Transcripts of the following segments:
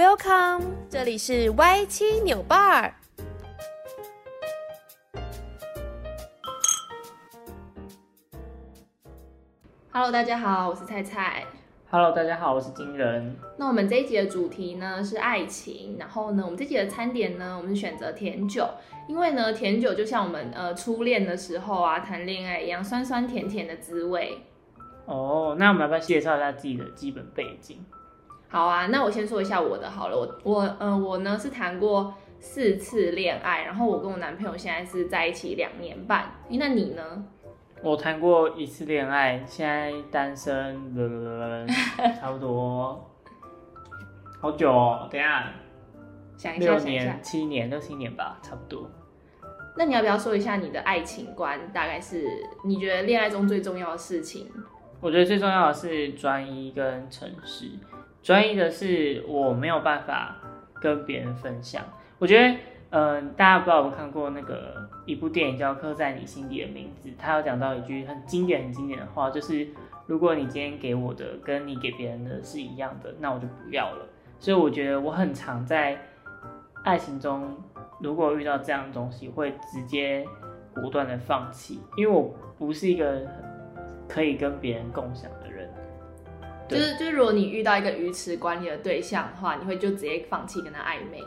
Welcome，這裡是 Y7 New Bar。Hello，大家好，我是菜菜。Hello，大家好，我是金人。那我們這一集的主題呢是愛情，然後呢，我們這集的餐點呢，我們是選擇甜酒，因為呢，甜酒就像我們呃初戀的時候啊，談戀愛一樣，酸酸甜甜的滋味。哦、Oh，那我們要不要介紹一下自己的基本背景？好啊，那我先說一下我的好了。我我嗯、呃，我呢是談過四次戀愛，然後我跟我男朋友現在是在一起兩年半。欸，那你呢？我談過一次戀愛，現在單身人， 差不多。好久喔？等下，想一下，六年、七年、六七年吧，差不多。那你要不要說一下你的愛情觀？大概是你覺得戀愛中最重要的事情？我覺得最重要的是專一跟誠實。專一的是我沒有辦法跟別人分享，我覺得，嗯、呃，大家不知道有沒有看過那個一部電影叫《刻在你心底的名字》，他有講到一句很經典、很經典的話，就是如果你今天給我的跟你給別人的是一樣的，那我就不要了。所以我覺得我很常在愛情中，如果遇到這樣的東西，會直接果斷的放棄，因為我不是一個可以跟別人共享的。就是就是，如果你遇到一個魚池管理的對象的話，你會就直接放棄跟他曖昧？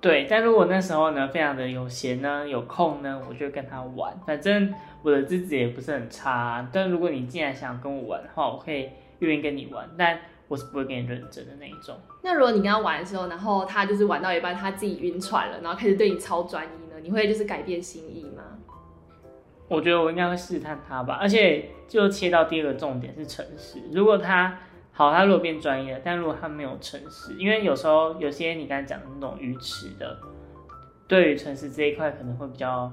對，但如果那時候呢，非常的有閒呢，有空呢，我就跟他玩。反正我的自己也不是很差啊。但如果你既然想跟我玩的話，我可以願意跟你玩，但我是不會跟你認真的那一種。那如果你跟他玩的時候，然後他就是玩到一半他自己暈船了，然後開始對你超專一呢，你會就是改變心意？我覺得我應該會試探他吧，而且就切到第二個重點是誠實。如果他好，他如果變專業，但如果他沒有誠實，因為有時候有些你剛才講的那種愚痴的，對於誠實這一塊可能會比較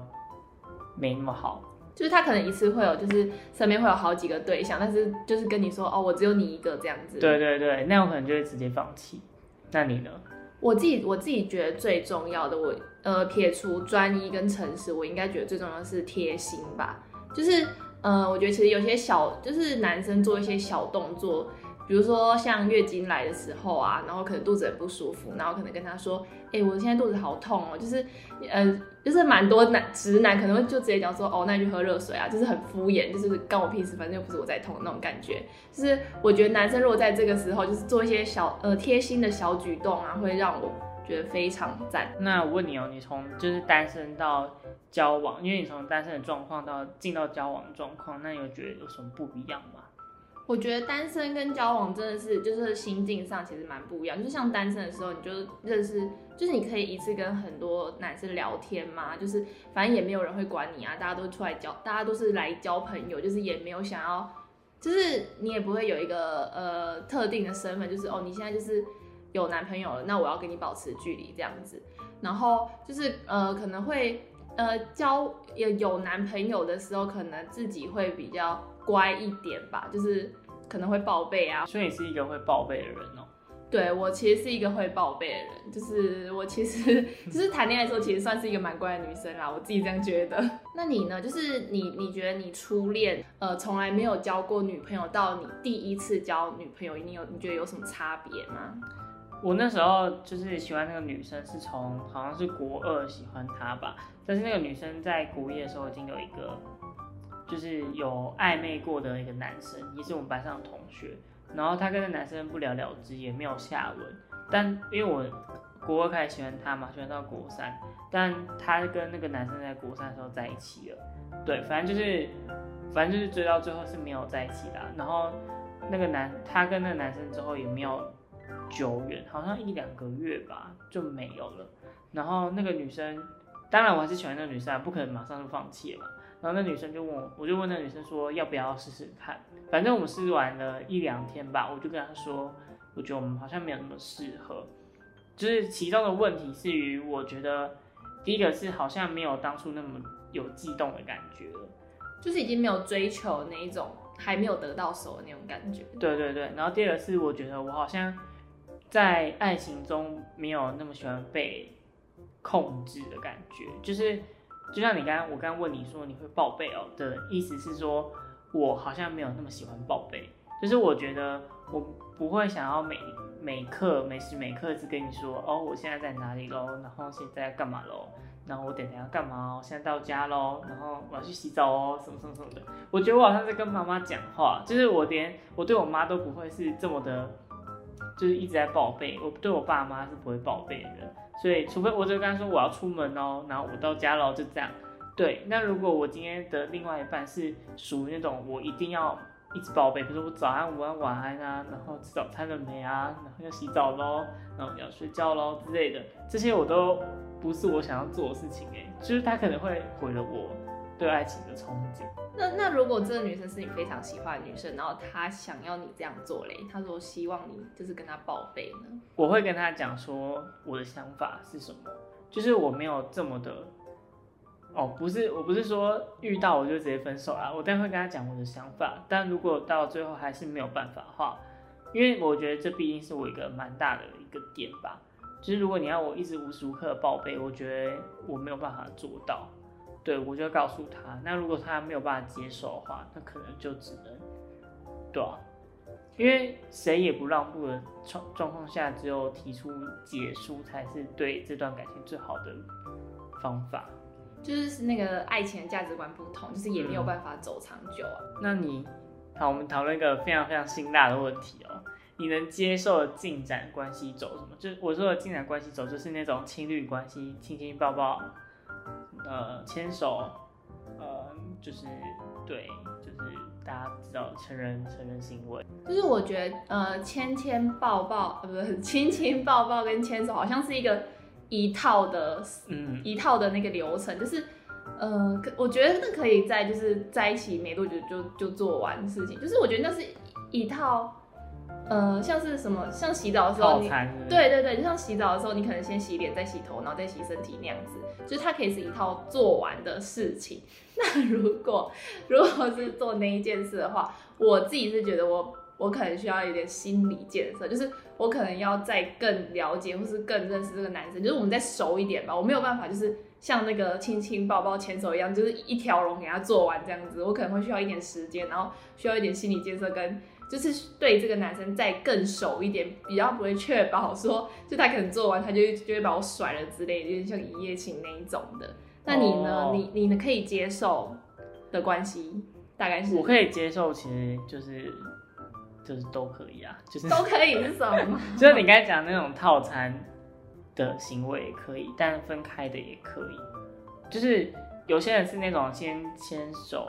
沒那麼好。就是他可能一次會有，就是身邊會有好幾個對象，但是就是跟你說哦，我只有你一個這樣子。對對對，那我可能就會直接放棄。那你呢？我自己我自己覺得最重要的，我呃撇除專一跟誠實，我應該覺得最重要的是貼心吧，就是呃我覺得其實有些小就是男生做一些小動作。比如說像月經來的時候啊，然後可能肚子很不舒服，然後可能跟他說，哎，我現在肚子好痛哦，就是，呃，就是蠻多男直男可能會就直接講說，哦，那你就喝熱水啊，就是很敷衍，就是關我屁事，反正又不是我在痛那種感覺。就是我覺得男生如果在這個時候就是做一些小呃貼心的小舉動啊，會讓我覺得非常讚。那我問你哦，你從就是單身到交往，因為你從單身的狀況到進到交往的狀況，那你有覺得有什麼不一樣嗎？我覺得單身跟交往真的是就是心境上其實蠻不一樣。就是像單身的時候，你就認識，就是你可以一次跟很多男生聊天嘛，就是反正也沒有人會管你啊，大家都出來交，大家都是來交朋友，就是也沒有想要，就是你也不會有一個呃特定的身份，就是哦你現在就是有男朋友了，那我要跟你保持距離這樣子。然後就是呃可能會呃交有有男朋友的時候，可能自己會比較乖一點吧，就是。可能會報備啊，所以你是一個會報備的人哦？喔。對，我其實是一個會報備的人，就是我其實就是談戀愛的時候，其實算是一個蠻乖的女生啦，我自己這樣覺得。那你呢？就是你你覺得你初戀呃從來沒有交過女朋友，到你第一次交女朋友，你有你覺得有什麼差別嗎？我那時候就是喜歡那個女生是從，是從好像是國二喜歡她吧，但是那個女生在國一的時候已經有一個。就是有曖昧過的一個男生，也是我們班上的同學，然後他跟那男生不了了之，也沒有下文。但因為我國二開始喜歡他嘛，喜歡到國三，但他跟那個男生在國三的時候在一起了。對，反正就是，反正就是追到最後是沒有在一起的啊。然後那個男，他跟那個男生之後也沒有久遠，好像一兩個月吧就沒有了。然後那個女生，當然我還是喜歡那個女生，不可能馬上就放棄了。然後那女生就問我，我就問那女生說要不要試試看。反正我們試完了一兩天吧，我就跟她說，我覺得我們好像沒有那麼適合。就是其中的問題是於，我覺得第一個是好像沒有當初那麼有悸動的感覺，就是已經沒有追求那一種還沒有得到手的那種感覺。對對對，然後第二個是我覺得我好像在愛情中沒有那麼喜歡被控制的感覺，就是。就像你剛剛，我剛剛問你說你會報備哦的意思是說，我好像沒有那麼喜歡報備，就是我覺得我不會想要每每刻每時每刻只跟你說哦，我現在在哪裡咯，然後現在要幹嘛咯，然後我等下要幹嘛哦，現在到家咯，然後我要去洗澡哦，什麼什麼什麼的，我覺得我好像是跟媽媽講話，就是我連我對我媽都不會是這麼的。就是一直在報備，我對我爸媽是不會報備的人，所以除非我就跟他說我要出門咯，然後我到家咯，就這樣。對，那如果我今天的另外一半是屬於那種我一定要一直報備，比如說我早安、午安、晚安啊，然後吃早餐了沒啊，然後要洗澡咯，然後要睡覺咯之類的，這些我都不是我想要做的事情誒，就是他可能會毀了我對愛情的憧憬。那那如果這個女生是你非常喜歡的女生，然後她想要你這樣做嘞？她說希望你就是跟她報備呢？我會跟她講說我的想法是什麼，就是我沒有這麼的，哦不是我不是說遇到我就直接分手啦、啊，我但會跟她講我的想法，但如果到最後還是沒有辦法的話，因為我覺得這畢竟是我一個蠻大的一個點吧，就是如果你要我一直無時無刻報備，我覺得我沒有辦法做到。對，我就告訴他。那如果他沒有辦法接受的話，那可能就只能，對啊，因為誰也不讓步的狀況下，只有提出結束才是對這段感情最好的方法。就是那個愛情的價值觀不同，就、嗯、是也沒有辦法走長久啊。那你，好，我們討論一個非常非常辛辣的問題哦、喔。你能接受的進展關係走什麼？就是我說的進展關係走，就是那種情侶關係，親親抱抱。呃，牽手，呃，就是對，就是大家知道成人成人行為，就是我覺得呃，牽牽抱抱，呃，不是親親抱抱跟牽手好像是一個一套的，嗯，一套的那個流程，就是，呃，我覺得那可以在就是在一起沒多久就就，就做完事情，就是我覺得那是一套。呃，像是什麼，像洗澡的時候是、是，對對對，就像洗澡的時候，你可能先洗臉，再洗頭，然後再洗身體那樣子，就是它可以是一套做完的事情。那如果如果是做那一件事的話，我自己是覺得我我可能需要一點心理建設，就是我可能要再更了解或是更認識這個男生，就是我們再熟一點吧，我沒有辦法就是。像那個親親抱抱牽手一樣，就是一條龍給他做完這樣子，我可能會需要一點時間，然後需要一點心理建設，跟就是對這個男生再更熟一點，比較不會確保說，就他可能做完他就會就會把我甩了之類，就是像一夜情那一種的。那你呢？哦、你你呢？可以接受的關係大概是？我可以接受，其實就是就是都可以啊，就是都可以是什麼？ 就是你剛才講的那種套餐。的行為也可以，但分開的也可以。就是有些人是那種先牽手，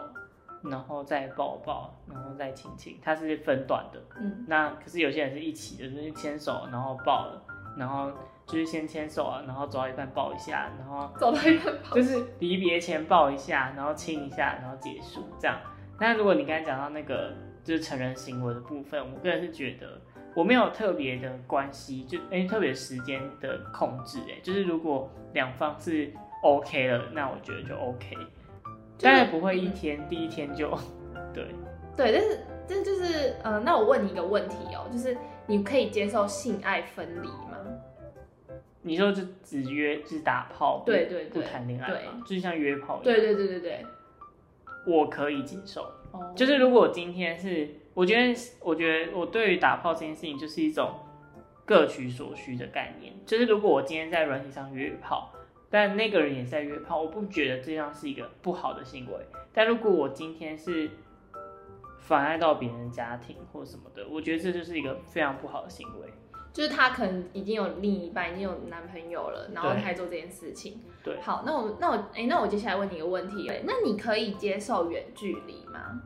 然後再抱抱，然後再親親，他是分段的。嗯，那可是有些人是一起的，就是牽手，然後抱了，然後就是先牽手啊，然後走到一半抱一下，然後走到一半抱，就是離別前抱一下，然後親一下，然後結束這樣。那如果你剛才講到那個，就是成人行為的部分，我個人是覺得。我沒有特別的關係，就哎、欸，特別時間的控制、欸，哎，就是如果兩方是 OK 了，那我覺得就 OK。當然不會一天、嗯、第一天就，對對，但是但就是，嗯、呃，那我問你一個問題哦、喔，就是你可以接受性愛分離嗎？你說就只約，就打炮，不對對，對不談戀愛嘛，就是像約炮一樣。對對對對對，我可以接受，oh. 就是如果我今天是。我覺得，我覺得我對於打炮這件事情就是一種各取所需的概念。就是如果我今天在軟體上約炮，但那個人也在約炮，我不覺得這樣是一個不好的行為。但如果我今天是妨礙到別人家庭或什麼的，我覺得這就是一個非常不好的行為。就是他可能已經有另一半，已經有男朋友了，然後他還做這件事情。對，對好，那我那我哎、欸，那我接下來問你一個問題，那你可以接受遠距離嗎？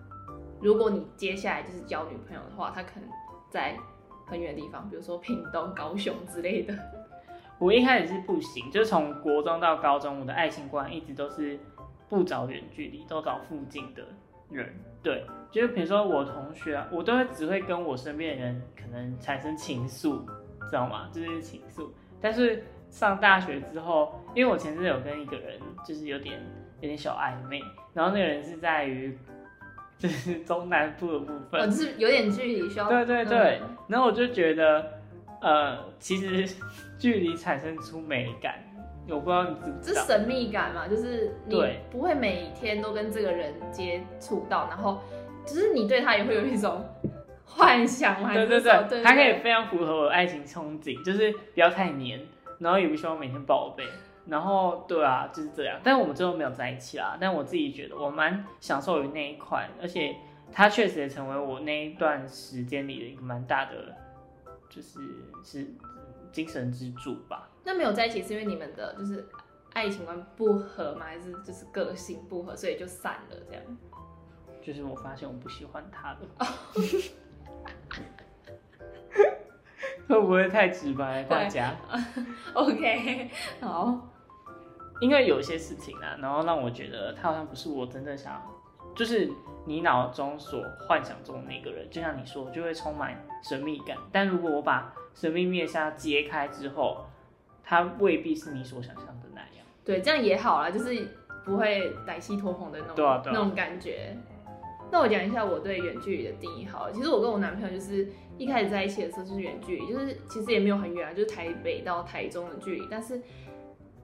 如果你接下來就是交女朋友的話，他可能在很遠的地方，比如說屏東、高雄之類的。我一開始是不行，就是從國中到高中，我的愛情觀一直都是不找遠距離，都找附近的人。對，就是比如說我同學啊，我都會只會跟我身邊的人可能產生情愫，知道嗎？就是情愫。但是上大學之後，因為我前陣有跟一個人，就是有點有點小曖昧，然後那個人是在於。就是中南部的部分，哦，就是有點距離，需要對對對、嗯。然後我就覺得，呃，其實距離產生出美感，我不知道你知不知道？這神祕感嘛，就是你不會每天都跟這個人接觸到，然後就是你對他也會有一種幻想嘛。對對對，他可以非常符合我的愛情憧憬，就是不要太黏，然後也不希望每天抱我背。然後對啊，就是這樣。但我們最後沒有在一起啦。但我自己覺得，我蠻享受於那一塊，而且他確實也成為我那一段時間裡的一個蠻大的，就是是精神支柱吧。那沒有在一起是因為你們的就是愛情觀不合嗎？還是就是個性不合，所以就散了這樣？就是我發現我不喜歡他了。Oh. 會不會太直白？大家？OK，好。因為有一些事情啊，然後讓我覺得他好像不是我真正想，就是你腦中所幻想中的那個人。就像你說，就會充滿神秘感。但如果我把神秘面紗揭開之後，他未必是你所想象的那樣。對，這樣也好啦，就是不會歹戲拖棚的那種、對啊、對啊、那種感覺。那我講一下我對遠距離的定義好了。其實我跟我男朋友就是一開始在一起的時候就是遠距離，就是其實也沒有很遠啊，就是台北到台中的距離，但是。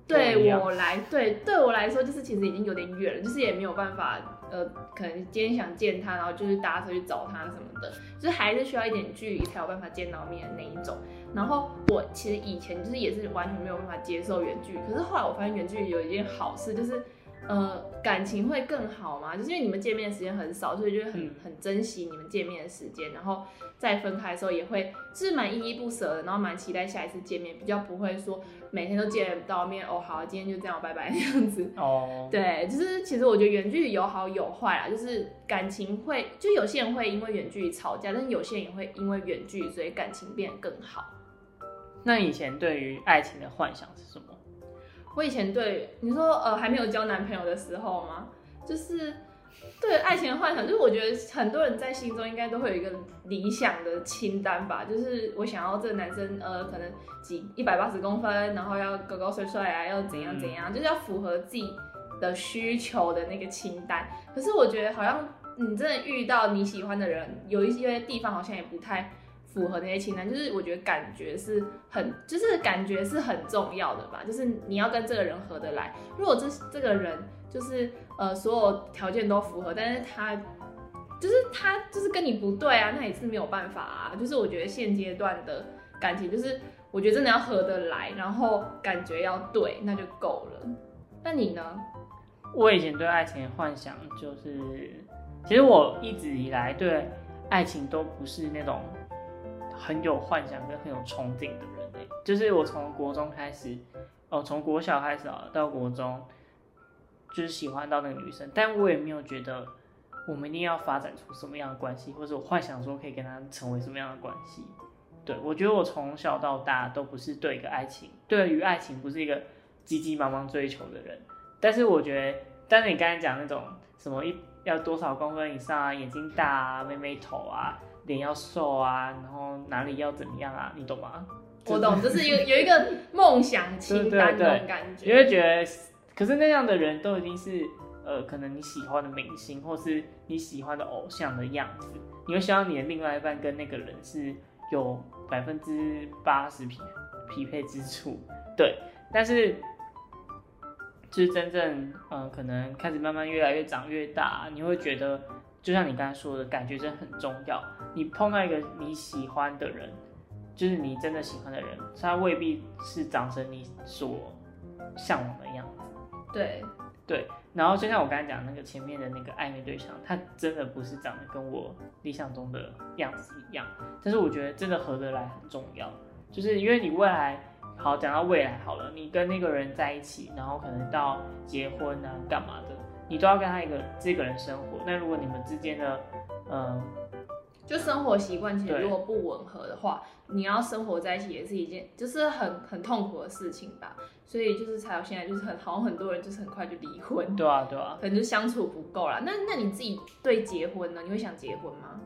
對我來，對對我來說，就是其實已經有點遠了，就是也沒有辦法，呃，可能今天想見他，然後就是搭車去找他什麼的，就是還是需要一點距離才有辦法見到面的那一種。然後我其實以前就是也是完全沒有辦法接受遠距，可是後來我發現遠距離有一件好事就是。呃，感情會更好嗎？就是因為你們見面的時間很少，所以就很很珍惜你們見面的時間，嗯、然後再分開的時候也會是蠻依依不舍的，然後蠻期待下一次見面，比較不會說每天都見不到面哦，好，今天就這樣，拜拜這樣子。哦，對，就是其實我覺得遠距離有好有壞啦，就是感情會，就有些人會因為遠距離吵架，但是有些人也會因為遠距離所以感情變更好。那以前對於愛情的幻想是什麼？我以前對你說，呃，還沒有交男朋友的時候嗎？就是對愛情的幻想，就是我覺得很多人在心中應該都會有一個理想的清單吧，就是我想要這個男生，呃，可能幾一百八十公分，然後要高高帥帥啊，要怎樣怎樣，就是要符合自己的需求的那個清單。可是我覺得好像你真的遇到你喜歡的人，有一些地方好像也不太。符合那些清單，就是我覺得感覺是很，就是感覺是很重要的吧。就是你要跟這個人合得來。如果這這個人就是呃，所有條件都符合，但是他就是他就是跟你不對啊，那也是沒有辦法啊。就是我覺得現階段的感情，就是我覺得真的要合得來，然後感覺要對，那就夠了。那你呢？我以前對愛情的幻想就是，其實我一直以來對愛情都不是那種。很有幻想跟很有憧憬的人誒、欸，就是我從國中開始，哦、呃，從國小開始到國中，就是喜歡到那個女生，但我也沒有覺得我們一定要發展出什麼樣的關係，或者我幻想說可以跟她成為什麼樣的關係。對，我覺得我從小到大都不是對一個愛情，對於愛情不是一個急急忙忙追求的人。但是我覺得，但是你剛才講那種什麼一，要多少公分以上啊，眼睛大啊、妹妹頭啊。臉要瘦啊，然後哪裡要怎麼樣啊？你懂嗎？我懂，就是有有一個夢想清單的 感覺。你會覺得，可是那樣的人都已經是呃，可能你喜歡的明星或是你喜歡的偶像的樣子，你會希望你的另外一半跟那個人是有百分之八十匹匹配之處。對，但是就是真正嗯、呃，可能開始慢慢越來越長越大，你會覺得。就像你剛才說的，感覺真的很重要。你碰到一個你喜歡的人，就是你真的喜歡的人，他未必是長成你所向往的樣子。對，對。然後就像我剛才講的那個前面的那個曖昧對象，他真的不是長得跟我理想中的樣子一樣，但是我覺得真的合得來很重要。就是因為你未來，好，講到未來好了，你跟那個人在一起，然後可能到結婚啊，幹嘛的。你都要跟他一個這個人生活，那如果你們之間的，嗯，就生活習慣其實如果不吻合的話，你要生活在一起也是一件就是很很痛苦的事情吧。所以就是才有現在，就是很好像很多人就是很快就離婚。對啊對啊，可能就相處不夠了。那那你自己對結婚呢？你會想結婚嗎？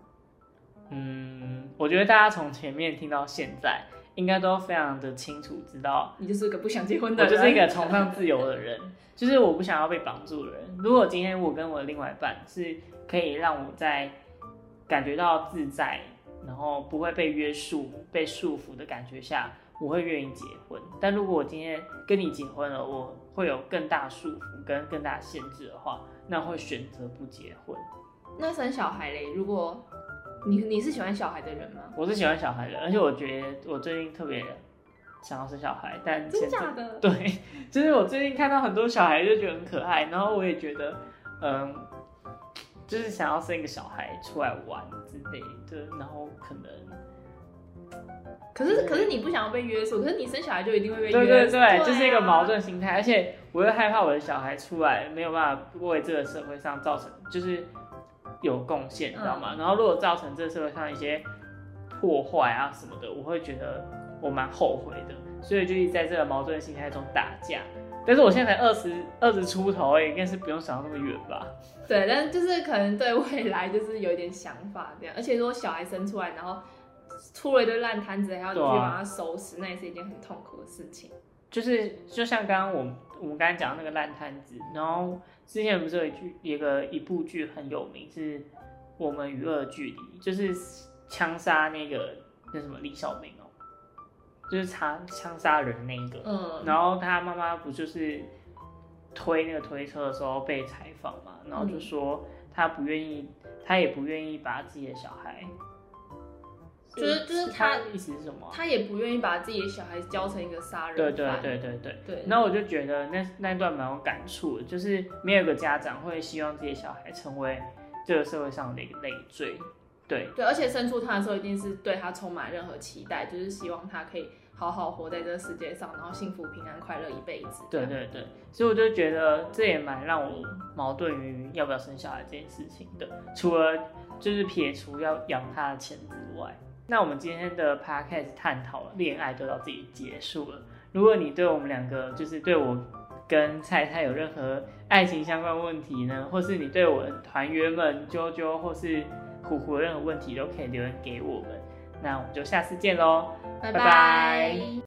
嗯，我覺得大家從前面聽到現在。應該都非常的清楚，知道你就是一個不想結婚的人啊，我就是一個崇尚自由的人， 就是我不想要被綁住的人。如果今天我跟我的另外一半是可以讓我在感覺到自在，然後不會被約束、被束縛的感覺下。我會願意結婚，但如果我今天跟你結婚了，我會有更大束縛跟更大限制的話，那我會選擇不結婚。那生小孩嘞？如果，你你是喜歡小孩的人嗎？我是喜歡小孩的，而且我覺得我最近特別想要生小孩，但真的假的？對，就是我最近看到很多小孩，就覺得很可愛，然後我也覺得，嗯，就是想要生一個小孩出來玩之類的，然後可能。可是可是你不想要被約束，可是你生小孩就一定會被約束。對對對，這、啊就是一個矛盾心態，而且我又害怕我的小孩出來沒有辦法為這個社會上造成就是有貢獻，你知道嗎、嗯？然後如果造成這個社會上一些破壞啊什麼的，我會覺得我蠻後悔的，所以就在這個矛盾心態中打架。但是我現在才二十二十出頭，而已，應該是不用想到那麼遠吧？對，但就是可能對未來就是有一點想法這樣，而且如果小孩生出來，然後。出了一堆爛攤子，還要你去把它收拾，那也是一件很痛苦的事情。就是就像剛剛我我們剛剛講那個爛攤子，然後之前不是有一句，有個一部劇很有名，是《我們與惡的距離》，就是槍殺那個那什麼李小明哦、喔，就是他槍殺人那個。嗯。然後他媽媽不就是推那個推車的時候被採訪嘛，然後就說他不願意，他也不願意把自己的小孩。就是就是他，他意思是什麼啊？他也不願意把自己的小孩教成一個殺人犯。對，對對對對對。對。那我就覺得那那段蠻有感觸的，就是沒有一個家長會希望自己的小孩成為這個社會上的一個累贅。對對，而且生出他的時候，一定是對他充滿任何期待，就是希望他可以好好活在這個世界上，然後幸福、平安、快樂一輩子，子。對對對。所以我就覺得這也蠻讓我矛盾於要不要生小孩這件事情的，除了就是撇除要養他的錢之外。那我們今天的 podcast 探討戀愛就到這裡結束了。如果你對我們兩個，就是對我跟菜菜有任何愛情相關問題呢，或是你對我團員們啾啾或是虎虎任何問題，都可以留言給我們。那我們就下次見嘍，拜拜。拜拜